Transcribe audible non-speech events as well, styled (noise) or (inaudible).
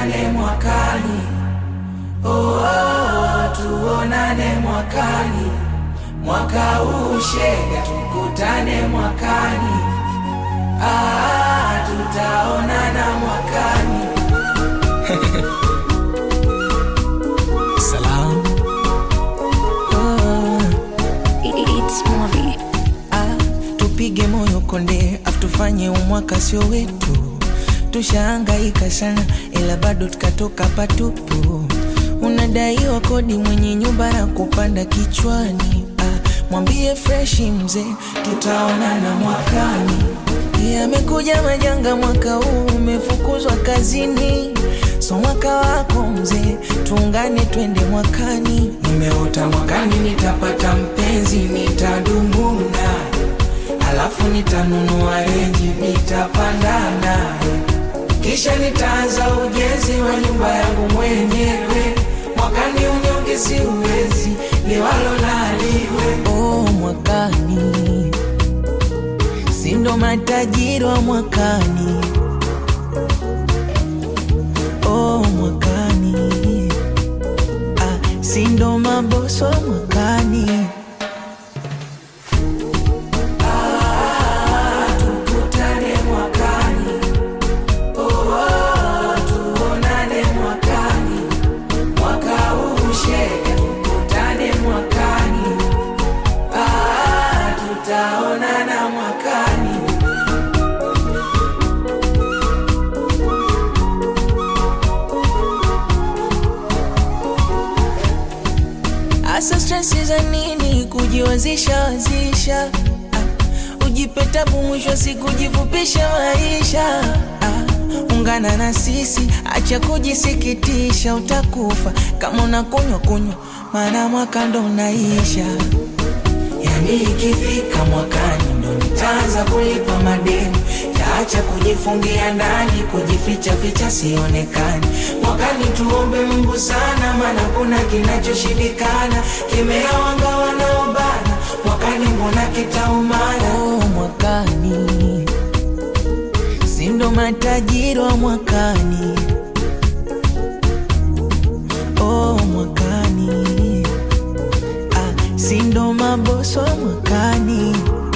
tuonane mwakani. Oh, oh, oh, tuonane mwakani, mwaka ushe tukutane mwakani. Ah, tutaonana mwakani. (laughs) Salam. Oh, ah, tupige moyo konde, afu tufanye umwaka sio wetu tushaangaika sana, ila bado tukatoka patupu. Unadaiwa kodi, mwenye nyumba ya kupanda kichwani. Ah, mwambie freshi mzee, tutaonana mwakani. Yamekuja majanga, mwaka huu umefukuzwa kazini. So mwaka wako mzee, tuungane twende mwakani. Nimeota mwakani nitapata mpenzi, nitadumuna alafu nitanunua renji, nitapanda kisha nitaanza ujenzi wa nyumba yangu mwenyewe, mwakani unyonge uwezi liwalo na liwe. Oh, mwakani si ndo matajiri wa mwakani. Oh, mwakani ah, sindo mabosi wa mwakani. tutaonana mwakani. Asa stress za nini kujiwazisha wazisha, ah, ujipe tabu, mwisho siku jifupisha maisha ah, ungana na sisi, acha kujisikitisha, utakufa kama unakunywa kunywa, maana mwaka ndo unaisha. Mwakani ikifika, mwakani ndo nitaanza kulipa madeni, taacha kujifungia ndani, kujificha ficha sionekani. Mwakani tuombe Mungu sana, maana kuna kinachoshindikana, kimewawanga wanaobana. Mwakani mbona kitaumana? Oh, mwakani sindo matajiri wa mwakani? Oh, mwakani si ndo maboso mwakani.